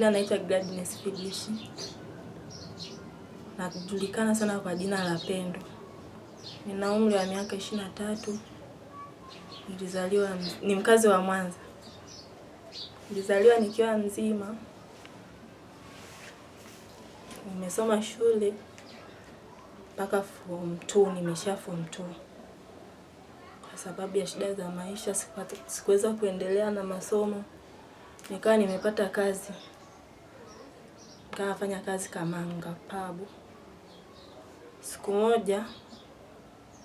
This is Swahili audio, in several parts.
ila naitwa Gladness Fidishi, najulikana sana kwa jina la Pendo. Nina umri wa miaka ishirini na tatu. Nilizaliwa, ni mkazi wa Mwanza. Nilizaliwa nikiwa mzima, nimesoma shule mpaka form 2, nimesha form 2 kwa sababu ya shida za maisha sikuweza kuendelea na masomo, nikawa nimepata kazi Nikafanya kazi Kamanga pabu. Siku moja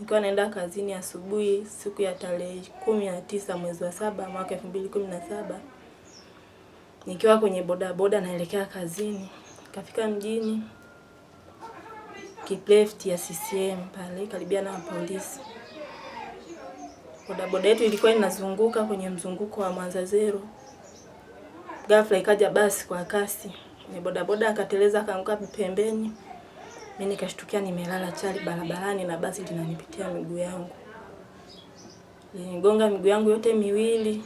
nikiwa naenda kazini asubuhi, siku ya tarehe kumi na tisa mwezi wa saba mwaka elfu mbili kumi na saba nikiwa kwenye bodaboda naelekea kazini, kafika mjini kipleft ya CCM pale karibia na polisi. Bodaboda yetu ilikuwa inazunguka kwenye mzunguko wa Mwanza Zero, ghafla ikaja basi kwa kasi ni bodaboda akateleza akaanguka pembeni, mimi nikashtukia nimelala chali barabarani na basi linanipitia miguu yangu, linigonga miguu yangu yote miwili,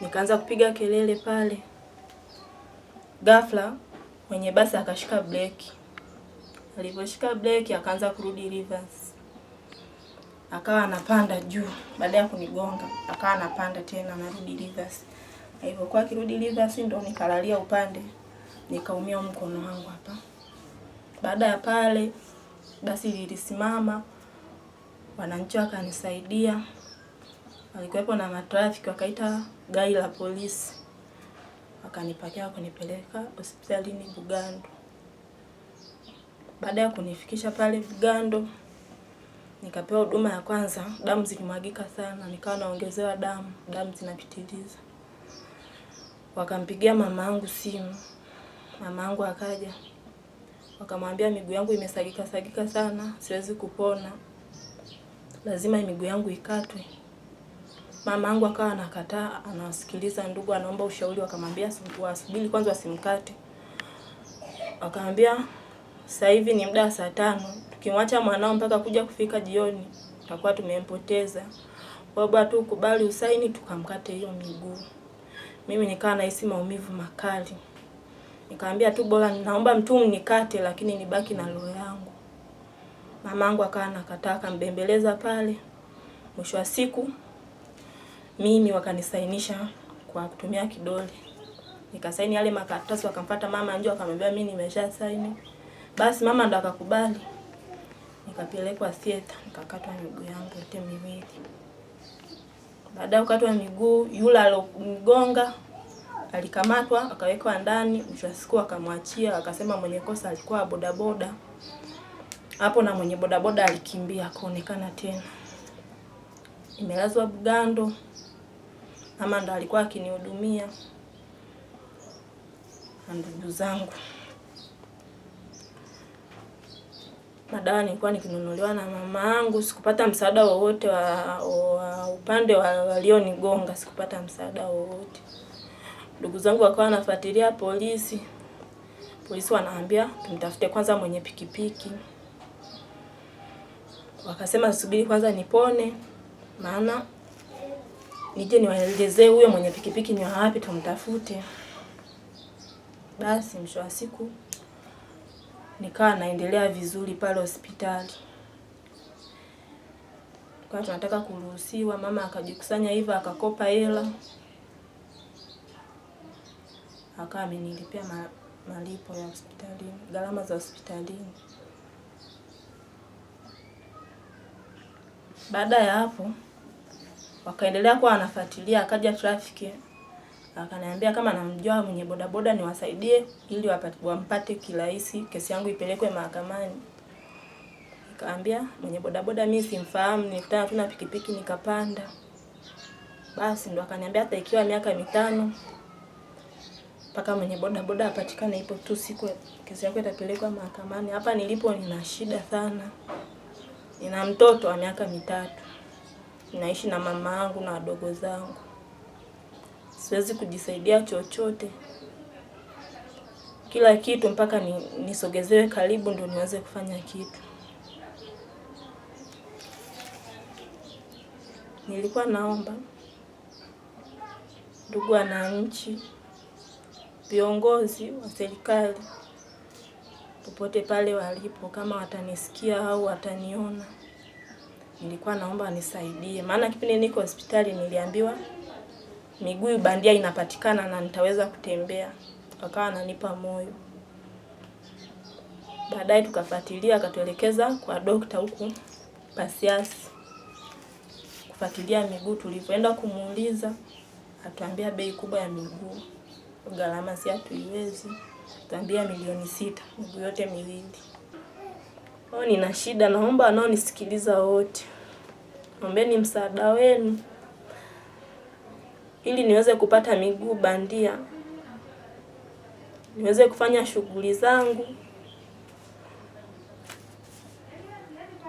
nikaanza kupiga kelele pale. Ghafla mwenye basi akashika breki, aliposhika breki akaanza kurudi reverse, akawa anapanda juu. Baada ya kunigonga akawa anapanda tena, anarudi reverse. Alipokuwa akirudi reverse, ndo nikalalia upande nikaumia mkono wangu hapa. Baada ya pale, basi lilisimama, wananchi wakanisaidia, walikuwepo na matrafiki, wakaita gari la polisi, wakanipakia wakanipeleka hospitalini Bugando. Baada ya kunifikisha pale Bugando, nikapewa huduma ya kwanza. Damu zilimwagika sana, nikawa naongezewa damu, damu zinapitiliza. Wakampigia mama yangu simu mama mamangu akaja wakamwambia miguu yangu imesagika sagika sana, siwezi kupona, lazima miguu yangu ikatwe. Mama Mamangu akawa anakataa, anasikiliza ndugu, anaomba ushauri, wakamwambia wasubiri kwanza, wasimkate. Wakamwambia sasa hivi ni muda wa saa tano, tukimwacha mwanao mpaka kuja kufika jioni tutakuwa tumempoteza, baba tu kubali usaini, tukamkate hiyo miguu. Mimi nikawa nahisi maumivu makali. Nikamwambia tu bora naomba mtu mnikate, lakini nibaki na roho yangu. Mamangu akawa nakataa, akambembeleza pale. Mwisho wa siku mimi wakanisainisha kwa kutumia kidole, nikasaini yale makaratasi, wakamfuata mama nje, akamwambia mimi nimesha saini. Basi mama ndo akakubali, nikapelekwa sieta, nikakatwa miguu yangu yote miwili. Baadaye kukatwa miguu, yule alogonga alikamatwa akawekwa ndani, mwisho wa siku akamwachia, akasema mwenye kosa alikuwa bodaboda hapo, na mwenye bodaboda alikimbia akaonekana tena. Imelazwa Bugando, ama ndo alikuwa akinihudumia na ndugu zangu. Madawa nilikuwa nikinunuliwa na mama yangu, sikupata msaada wowote wa, wa upande walionigonga, sikupata msaada wowote ndugu zangu wakawa wanafuatilia polisi. Polisi wanaambia tumtafute kwanza mwenye pikipiki, wakasema subiri kwanza nipone, maana nije niwaelezee huyo mwenye pikipiki ni wapi tumtafute. Basi mwisho wa siku nikawa naendelea vizuri pale hospitali, kwa tunataka kuruhusiwa. Mama akajikusanya hivyo akakopa hela akawa amenilipia malipo ya hospitalini, gharama za hospitalini. Baada ya hapo, wakaendelea kuwa wanafuatilia, akaja trafiki akaniambia kama namjua mwenye bodaboda niwasaidie ili wampate kirahisi, kesi yangu ipelekwe mahakamani. Nikaambia mwenye bodaboda mimi simfahamu, nikutana tu na pikipiki nikapanda. Basi ndo akaniambia hata ikiwa miaka mitano mpaka mwenye boda boda apatikane, ipo tu siku kesi yako itapelekwa mahakamani. Hapa nilipo nina shida sana, nina mtoto wa miaka mitatu, ninaishi na mama yangu na wadogo zangu, siwezi kujisaidia chochote. Kila kitu mpaka ni, nisogezewe karibu ndio niweze kufanya kitu. Nilikuwa naomba ndugu wananchi viongozi wa serikali popote pale walipo, kama watanisikia au wataniona, nilikuwa naomba nisaidie maana kipindi niko hospitali niliambiwa miguu bandia inapatikana na nitaweza kutembea, wakawa wananipa moyo. Baadaye tukafuatilia, akatuelekeza kwa dokta huku Pasiasi kufuatilia miguu. Tulivyoenda kumuuliza, atuambia bei kubwa ya miguu gharama si hatuiwezi, tambia milioni sita miguu yote miwili. Kwa nina shida, naomba wanaonisikiliza wote, ombeni msaada wenu ili niweze kupata miguu bandia niweze kufanya shughuli zangu,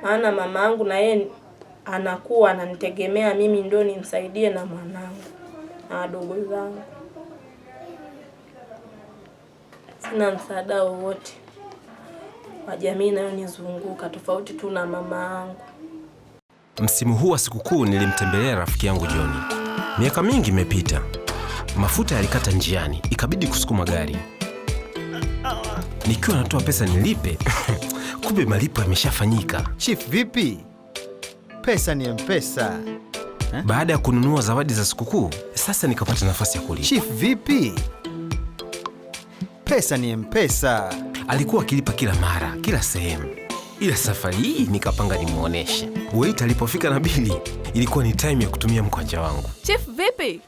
maana mama yangu na yeye anakuwa ananitegemea mimi, ndio nimsaidie na mwanangu na wadogo zangu. sina msaada wowote wa jamii inayonizunguka tofauti tu na mama yangu. Msimu huu wa sikukuu nilimtembelea rafiki yangu Joni. Miaka mingi imepita, mafuta yalikata njiani, ikabidi kusukuma gari. Nikiwa natoa pesa nilipe kumbe malipo yameshafanyika. Chief vipi? Pesa ni mpesa eh? Baada ya kununua zawadi za sikukuu, sasa nikapata nafasi ya kulipa. Chief vipi? pesa ni Mpesa. Alikuwa akilipa kila mara, kila sehemu, ila safari hii nikapanga nimwonyeshe Weit alipofika na bili, ilikuwa ni taimu ya kutumia mkwanja wangu. Chief, vipi?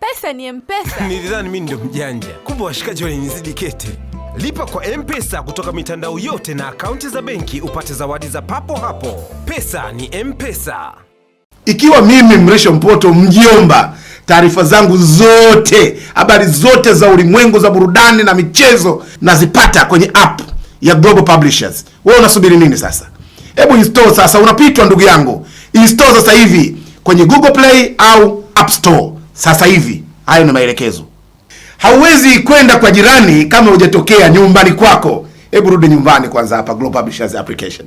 Pesa ni Mpesa. Nilidhani mimi ndio mjanja, kumbe washikaji walinizidi kete. Lipa kwa Mpesa kutoka mitandao yote na akaunti za benki upate zawadi za papo hapo. Pesa ni Mpesa. Ikiwa mimi Mrisho Mpoto mjiomba Taarifa zangu zote, habari zote za ulimwengu, za burudani na michezo, nazipata kwenye app ya Global Publishers. Wewe unasubiri nini sasa? Hebu install sasa, unapitwa ndugu yangu. Install sasa hivi kwenye Google Play au App Store sasa hivi. Hayo ni maelekezo. Hauwezi kwenda kwa jirani kama hujatokea nyumbani kwako. Hebu rudi nyumbani kwanza, hapa Global Publishers application.